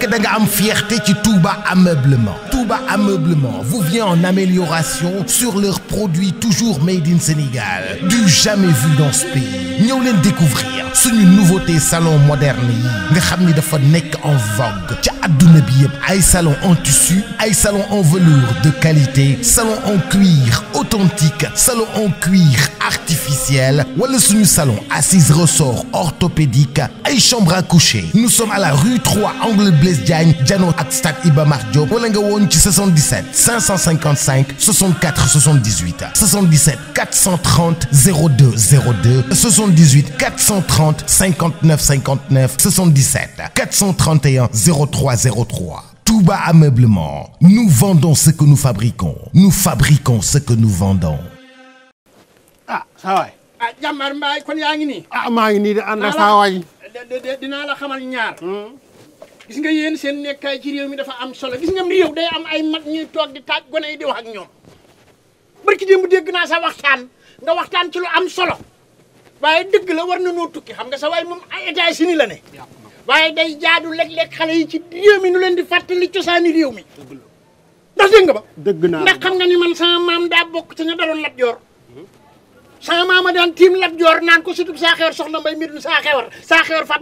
fekk da nga am fierté ci Touba ameublement Touba Ameublement vous vient en amélioration sur leurs produits toujours made in Sénégal du jamais vu dans ce pays ñëw leen découvrir suñu nouveauté salon moderne nga xam ni dafa nekk en vogue ca adduna bi yëpp ay salon en tissu ay salon en velours de qualité salon en cuir authentique salon en cuir artificiel wala suñu salon assise ressort orthopédique ay chambre à coucher nous sommes à la rue 3 angle Blaise Diano ak stade Diop 77 555 64 78 77 430 02 02 78 430 59 59 77 431 03 03 Touba Ameublement nous vendons ce que nous fabriquons nous fabriquons ce que nous vendons. ah saa waay. ah jàmbaar mbaay kon yaa ngi nii. ah maa ngi nii de ànd ak saa waay. dinaa la xamal ñaar. Hmm? gis nga yéen seen nekkaay ci réew mi dafa am solo gis nga ni yow day am ay mag ñuy toog di taaj gone yi di wax ak ñoom barki démb dégg naa sa waxtaan nga waxtaan ci lu am solo waaye dëgg la war na noo tukki xam nga sa waay moom ay états si la ne waaye day jaadu léeg-léeg xale yi ci réew mi nu leen di fàttali cosaani réew mi ndax dégg nga ba dëgg naa ndax xam nga ni man sama maam daa bokk ci ña daloon Lat Joor sama maama daan tiim lat joor naan ko sutub saa xewar soxna mbay mbir mi saa xewar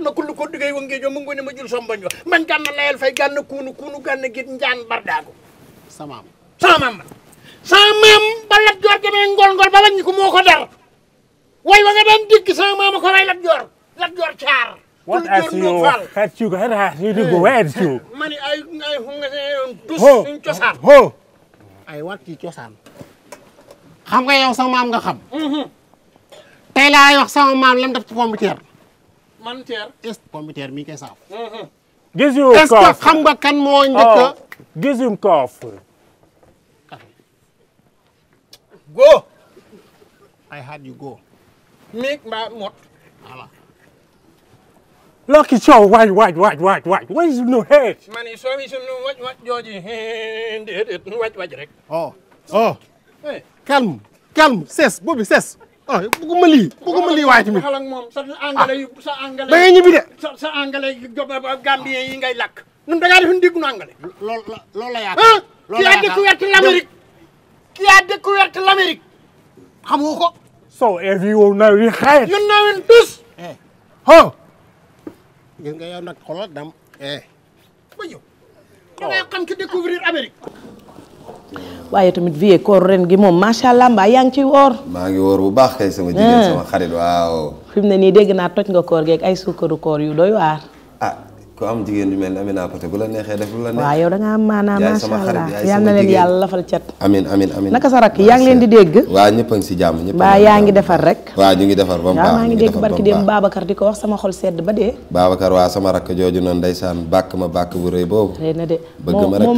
na kullu ko duggey wa ngeejoo mu ngi ma jul sombañ wa man gànna layal fay gànna kuunu kuunu gànna git njaan bardaago sama maam sama maam sama joor demee ngol ngol ba wàññi ko moo ko dar way wa nga daan dégg sama ko way lat joor lat joor caar What as you had you had as you go eh. where is you? Mani ay cosaan. Ho. xam nga yow sama maam nga xam. Mhm. tey laa lay wax sama maam lam def ci pompiteer. man teer est pompiteer mi ngi koy saaf. Mhm. gisum koof est ce que xam nga kan moo njëkk a. Oh, gisum koof. go. I had you go. miig mbaa mot. voilà. Lucky Sow waaj waaj waaj waaj waaj waaj sunu xeet. man it soo wi sunu waj waj jooji déedéet nu waj waj rek. oh oh. calme calme cesse boobu cesse ah bëgguma waaye tamit. xalaat moom ñibbi de. sa sa anglais yi ngay lakk. ñun da ngaa def ñu nu anglais. loolu la loolu la yaakaar ah. loolu la yaakaar qui a découvert l'Amérique. qui so if you know we hide. you know it tous. ah. gis nga yow nag xoolal dam eh. ba yow. da ngay xam ki découvrir Amérique. waaye tamit vie koor ren gi moom macha allah mbaa yaa ngi ciy woor. maa ngi woor bu baax kay sama jigéen ah. sama xarit waaw. fi mu ne nii dégg naa toj nga koor geeg ay suukaru koor yu doy waar. Ah, ku am jigéen ju mel ne Amina Poté bu la neexee def lu la neex. waaw yow da ngaa am maanaam macha allah yal na leen yàlla lafal cat. amin amin amin naka sa rakk yaa ngi leen di dégg. waa ñëpp a si jàmm ñëpp mbaa yaa ngi defar rek. waaw ñu ngi defar ba mu baax ngi dégg barki dem Babacar di ko wax sama xol sedd ba dee. Babacar waaw sama rakk jooju noonu ndeysaan bàkk ma bàkk bu rëy boobu. bëgg ma rek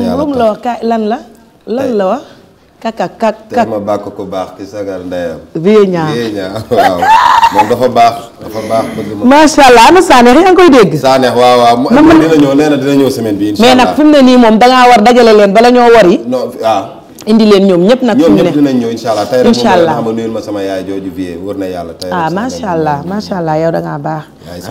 te la la lan la wax. kaka kak kak ma baax ki sagar ndeyam. Vieux Niang Vieux Niang waaw moom dafa baax dafa baax. macha allah ana Sanex yaa ngi koy dégg. Sanex waaw waaw mu dina ñëw nee dina ñëw semaine bi incha allah mais nag fi mu ne nii moom da war dajale leen bala ñoo wari. non ah. indi leen ñoom ñëpp nag. ñoom ñëpp dinañ ñëw incha allah tey rek xam nga nuyul ma sama yaay jooju na ah, allah macha allah yow da ngaa baax.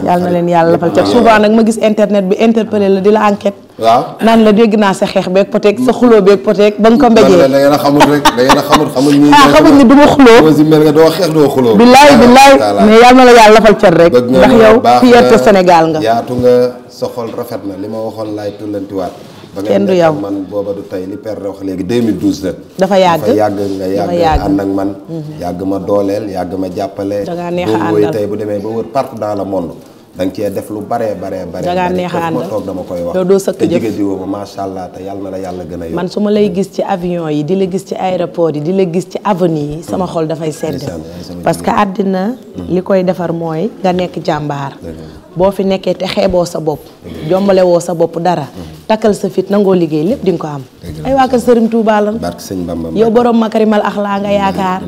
yàlla na leen yàlla lafal cat souvent nag ma gis internet bi interpellé la di la enquête. waaw naan la dégg naa sa xeex beeg poteek sa xuloo beeg poteek ba nga ko mbéjee da ngeen a xamul rek da ngeen a xamul xamul ñu ah xamul ni du ma xuloo si mel nga doo xeex doo xuloo billaay billaay mais yàlla lafal cat rek ndax yow fierté Sénégal nga yaatu nga sa xol rafet na li ma waxoon laay tullantiwaat kenn du yow man booba du tey li père wax léegi 2012 la. dafa yàgg dafa yàgg nga yàgg ànd ak man. Mhm. yàgg ma dooleel yàgg ma jàppale. da ngaa neex a àndal boobu tey bu demee ba wër partout dans le monde. da cee def lu baree baree baree. da ngaa neex a àndal ma koy wax. doo doo sëkk jëf te jigéen macha allah te yàlla na yàlla gën a man su ma lay gis ci avion yi di la gis ci aéroport yi di la gis ci avenue yi. sama mm. xol dafay sedd. parce que àddina. Mm. li koy defar mooy nga nekk jàmbaar. boo fi nekkee te xeeboo sa bopp. jombale woo sa bopp dara mm. takkal sa fit nangoo liggéey lépp di nga ko am ay waa kër sëriñ Touba yow borom makarimal axlaa nga yaakaar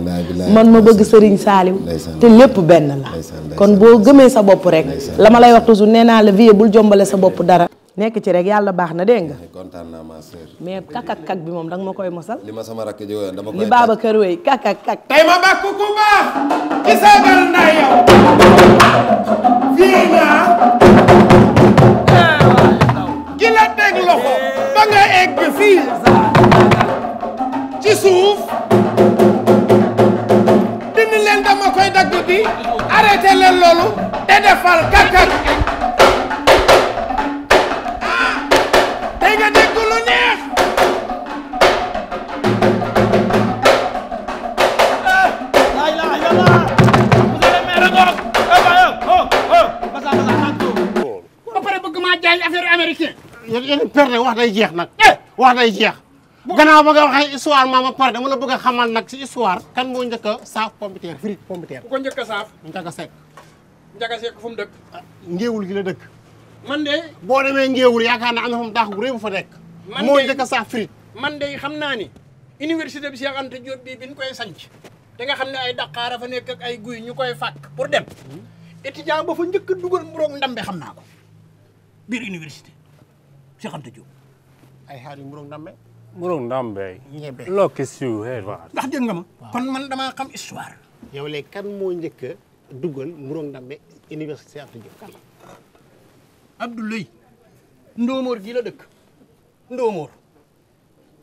man ma bëgg sëriñ saaliw te lépp benn la kon boo gëmee sa bopp rek la ma lay wax toujours nee naa la vie bul jombale sa bopp dara nekk ci rek yàlla baax na dégg nga. kontaan naa mais kakak kak bi moom danga ma koy mosal. li ma sama rakk jógee dama baaba kër wey kakak kak. tey ma bàkk ku baax. isaagal naa yow. fii naa. egg fii ci suuf dindi leen dama koy dagg bi arrêté leen loolu te defal kakak ah te nga dégg lu neex la ilaha illallah yéen per nag wax day jeex nag eh! wax day jeex gannaaw ba nga waxee histoire maama pare dama la bëgg a xamal nag si histoire kan moo njëkk a saaf pompiteer firi pompiteer ko njëkk a saaf njaga sekk njaga sekk fu mu ah, gi la dëkk man de boo demee ngéewul yaakaar na am na fa bu fa nekk moo njëkk a saaf man de xam naa ni université bi Cheikh Anta Diop bii bi ñu koy sanc te nga xam ne ay daqaara fa nekk ay guy ñu koy fàkk pour dem hmm. étudiant ba fa njëkk a dugal mburoog ndambe xam naa ko biir université Cheikh Anta Diop. ay xaari mburoog ndàmbe. mburoog ndàmbe. ñebe loo kis yu xeer ba. ndax dégg ma kon man damaa xam histoire. yow léegi kan moo njëkk a dugal mburoog ndàmbe université Cheikh Anta Diop Ndoomoor gii la dëkk. Ndoomoor.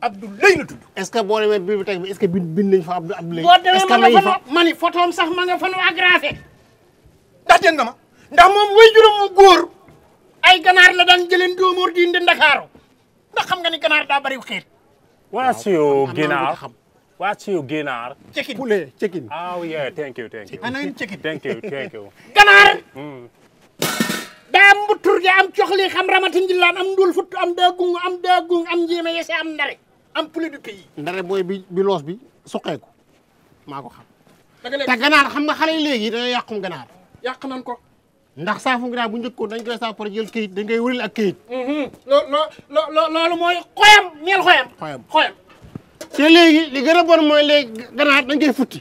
Abdoulaye la tudd. est-ce que boo demee bibliothèque bi est fa Abdoulaye. est-ce que sax ma fa nu agrafé. ndax dégg ma ndax moom way juróom mu góor. ay ganaar la daan jëleen doomoor di indi Ndakaaru ndax xam nga ni ganaar daa bari xeet. waa siyo ginaar waa siyo ginaar. cekin poulet cekin. ah yeah thank you thank you. ganaar. Mm. daa mbutur gi am coxli xam ramati njillaan am ndul futt am daagung am daagung am njéeme yese am ndare am poulet du pays. ndare mooy bi bi loos bi suqeeku maa xam. te ganaar xam nga xale yi léegi dañoo yàqum ganaar. yàq nan ko. ndax saafungraa bu njëkkoon dañ koy saafara jël kayit dañ koy wëril ak kayit. Mm-hmm. loo loo loolu mooy xoyam ñeel xoyam. xoyam xoyam. te léegi li gën a bon mooy léegi ganaar dañ koy futti.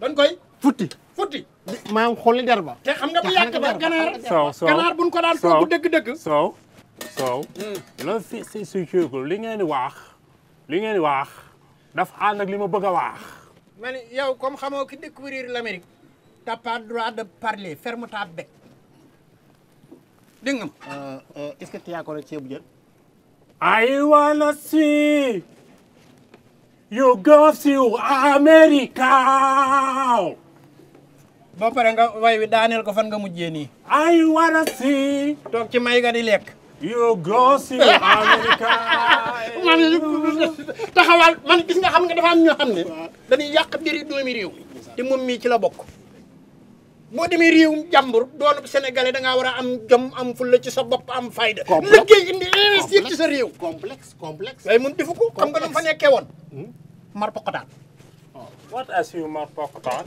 dañ koy futti. futti maam xolli der ba. te xam nga bu yàgg ba ganaar. soow soow ganaar buñ ko daan togg dëgg-dëgg. soow soow. Mm. loolu si si si kii li ngeen di waax. li ngeen di waax dafa ànd ak li ma bëgg a waax. man yow comme xamoo ki découvrir l'Amérique. t'as pas droit de parler ferme ta bec. dégg nga est ceebu jën I wanna see you go to America ba pare nga way wi daaneel ko fan nga mujjee nii I wanna see toog ci may ga di lekk you go to America man taxawal man gis nga xam nga dafa am ñoo xam ne dañuy yàq mbiri doomi réew te moom mii ci la bokk boo demee réewum jàmbur doonu sénégalais da ngaa war a am jom am fulla ci sa bopp am fayda. liggéey indi investir ci sa réew. complexe complexe. waaye mun defu ko xam nga lu fa nekkee woon. Hmm? mar poqotaan. waaw oh. what as you mar poqotaan.